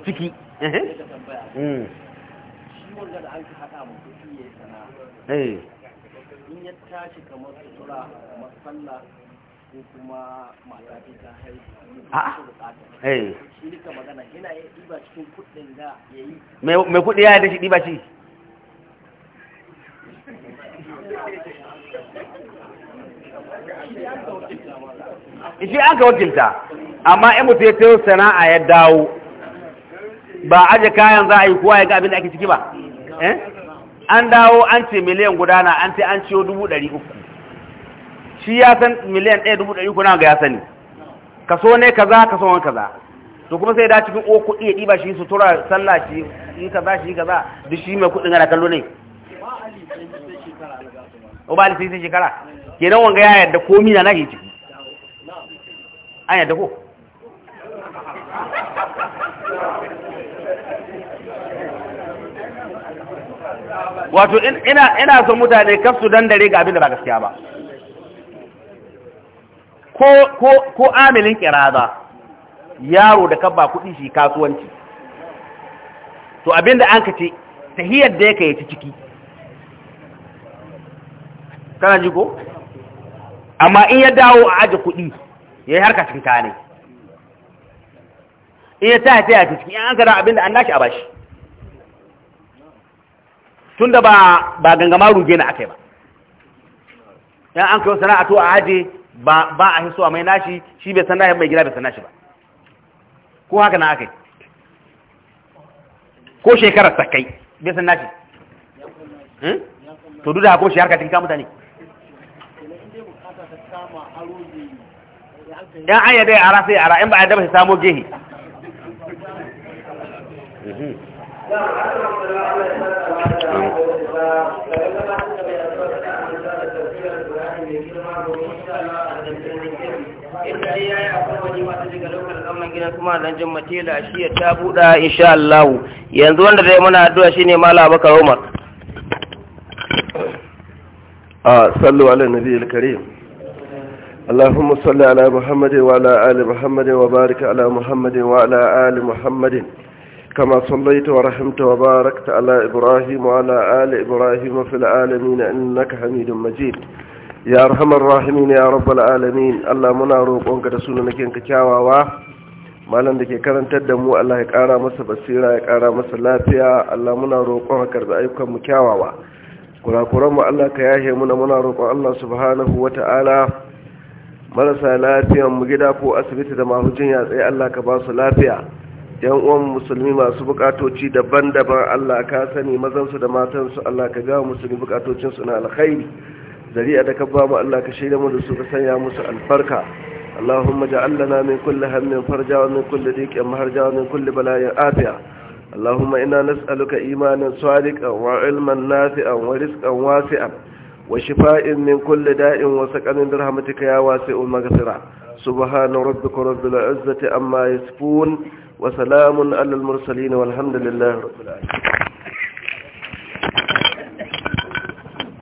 ciki mm. eh. in ya tashi kamar sutura kamar sallah ko kuma mata ta ta haihu eh shi duka magana yana ya diba cikin kudin da ya yi mai kudi ya da shi diba shi shi an ka wakilta amma in mutu ya tayo sana'a ya dawo ba aje kayan za a yi kuwa ya ga abin da ake ciki ba eh? an dawo an ce miliyan gudana an ce an ciyo dubu ɗari uku shi ya san miliyan ɗaya dubu ɗari kuna ga ya sani kaso ne kaza kaso wani kaza to kuma sai da cikin o kuɗi ya ɗiba shi su tura sallah shi yi kaza shi kaza duk shi mai kuɗin ana kallo ne o ba ali sai shekara kenan wanga ya yarda komi na nahi ciki an yarda ko wato ina son mutane kafsu dandare ga abin da ba gaskiya ba ko amilin kiraza yaro da kaba kuɗi shi kasuwanci to abinda an ka ce tahiyar da yake yaci ciki kana ji ko amma in ya dawo a aje kuɗi ya yi harka cikin kane in ya taya taya ta in an kada abinda an nashi a bashi tun da ba gangama ruge na aka yi ba yan an kai sana'a to a aje ba a hiso a mai nashi shi bai san nashi mai gida bai san nashi ba ko haka na yi ko shekarar ta kai bai san nashi hmm? to duk da haka shi harka tinka mutane yan an yadda ya ara sai ara in ba a daba shi samo gehe hmm. ganewa wata daga lokacin zaman gida kuma nan jin shi ya ta buɗa insha Allah yanzu wanda zai mana addu'a shine Malam Abubakar Umar a sallu ala karim اللهم صل على محمد وعلى آل محمد وبارك على محمد وعلى آل محمد كما صليت ورحمت وباركت على إبراهيم وعلى آل إبراهيم في العالمين إنك حميد مجيد ya arhamar rahimin ya rabbal alamin Allah muna roƙonka da sunanakin ka kyawawa malam da ke karantar da mu Allah ya ƙara masa basira ya ƙara masa lafiya Allah muna roƙon ka da ayyukan mu kyawawa kurakuran mu Allah ka yahe muna muna roƙon Allah subhanahu wata'ala marasa lafiyan mu gida ko asibiti da mahujin ya tsaye Allah ka ba lafiya yan uwan musulmi masu bukatoci daban-daban Allah ka sani mazansu da matansu Allah ka ga musulmi bukatocinsu na alkhairi zari'a da ka bamu Allah ka shaida mu da su ka sanya musu alfarka Allahumma ja'alna min kulli hammin farja wa min kulli dhiqin maharja wa min kulli bala'in ina Allahumma inna nas'aluka imanan sadiqan wa ilman nafi'an wa rizqan wasi'an wa shifa'in min kulli da'in wa saqanin rahmatika ya wasi'ul maghfira subhana rabbika rabbil izzati amma yasifun wa salamun 'alal mursalin walhamdulillahi rabbil